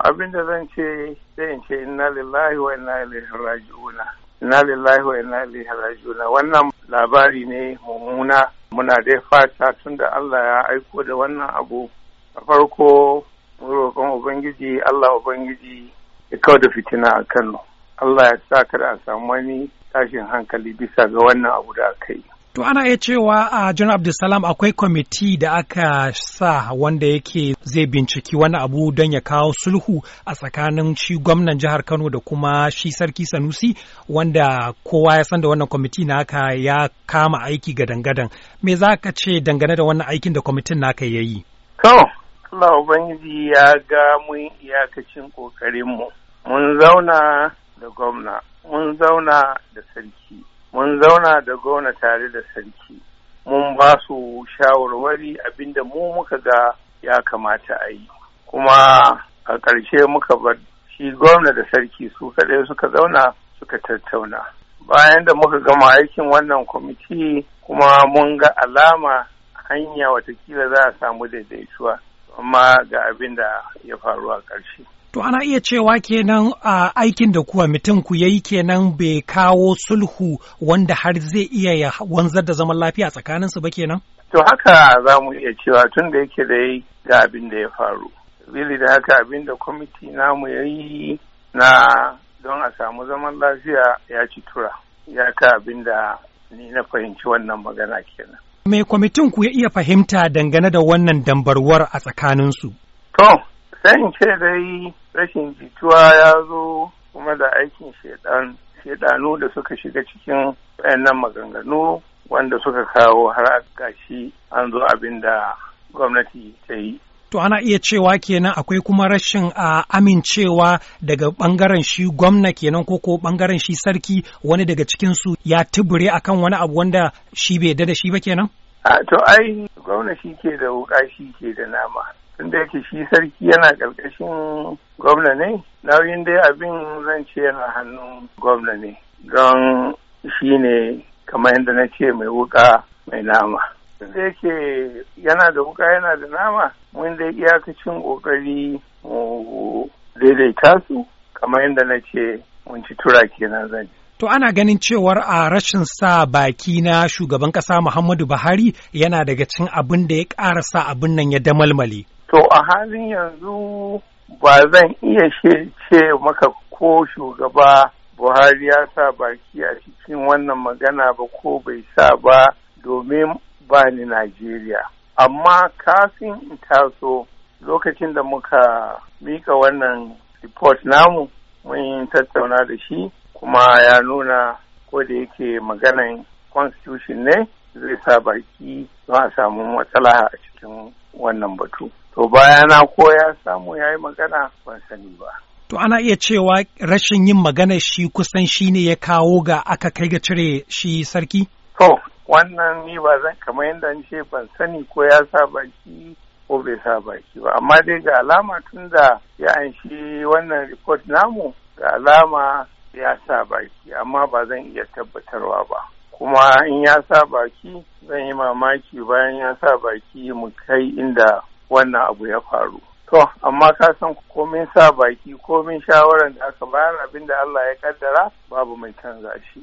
abin da zan ce zan ce inna lillahi wa inna ilaihi raji'una inna lillahi wa inna ilaihi wannan labari ne mummuna muna dai fata tunda Allah ya aiko da wannan abu a farko roƙon ubangiji Allah ubangiji ya kawo da fitina a Kano Allah ya sa kada a samu wani tashin hankali bisa ga wannan abu da aka yi To ana iya cewa a John Abdulsalam akwai kwamiti da aka sa wanda yake zai binciki wani abu don ya kawo sulhu a tsakanin shi gwamnan jihar Kano da kuma shi sarki Sanusi wanda kowa ya san da wannan kwamiti aka ya kama aiki ga dangadan. Me za ka ce dangane da wannan aikin da kwamitin naka ya yi? To, Allah Ubangiji ya ga mun iyakacin ƙoƙarinmu. Mun zauna da gwamna, mun zauna da sarki. mun zauna da gwamna tare da sarki mun ba su shawarwari abinda mu muka ga ya kamata a yi kuma a ƙarshe muka bar shi gwamna da sarki su kaɗai suka zauna suka tattauna bayan da muka gama aikin wannan kwamiti kuma mun ga alama hanya watakila za a samu daidaituwa amma ga abin da ya faru a ƙarshe To ana iya cewa kenan a aikin da kuwa mutum ku yayi kenan bai kawo sulhu wanda har zai iya ya wanzar da zaman lafiya tsakanin su ba kenan? To haka za mu iya cewa tun da yake da yi ga abin da ya faru. Bili da haka abin da kwamiti namu ya yi na don a samu zaman lafiya ya ci tura. Ya ka abin da ni na fahimci wannan magana kenan. Me kwamitin ku ya iya fahimta dangane da wannan dambarwar a tsakaninsu? To, San ce dai rashin jituwa ya zo kuma da aikin shedanu da suka shiga cikin wayannan maganganu wanda suka kawo har gashi an zo abin da gwamnati ta yi to ana iya cewa kenan akwai kuma rashin a amincewa daga bangaren shi gwamna kenan ko ko bangaren shi sarki wani daga cikin su ya tubure akan wani abu wanda shi bai da shi ba kenan to ai gwamna shi ke da wuka shi ke da nama tunda yake shi sarki yana ƙarƙashin gwamna ne nauyin dai abin zan ce yana hannun gwamna ne don shi ne kamar yadda na ce mai wuka mai nama tunda yake yana da wuka yana da nama mun dai iyakacin ƙoƙari mu daidaita su kamar yadda na ce mun ci tura kenan zan To ana ganin cewar a rashin sa baki na shugaban ƙasa Muhammadu Buhari yana daga cin abin da ya ƙara sa abin nan ya damalmale. To a halin yanzu ba zan iya ce maka ko shugaba Buhari ya sa baki a cikin wannan magana ba ko bai sa ba domin ba ni Najeriya. Amma kafin in taso lokacin da muka mika wannan report namu mun yi tattauna da shi kuma ya nuna ko da yake maganan constitution ne zai sa baki don a samu matsala a cikin wannan batu. to bayana ko ya samu ya yi magana ban sani ba. To ana iya cewa rashin yin magana shi kusan shi ne ya kawo ga aka kai ga cire shi sarki? To wannan ni ba zan kamar yadda an ce ban sani ko ya sa baki ko bai sa baki ba amma dai ga alama tun da ya an shi wannan report namu ga alama ya sa baki amma ba zan iya tabbatarwa ba. kuma in ya sa baki zan yi mamaki bayan ya sa baki mu kai inda wannan abu ya faru to amma ka san komin sa baki komin shawarar da aka bayar abin da Allah ya kaddara babu mai canza shi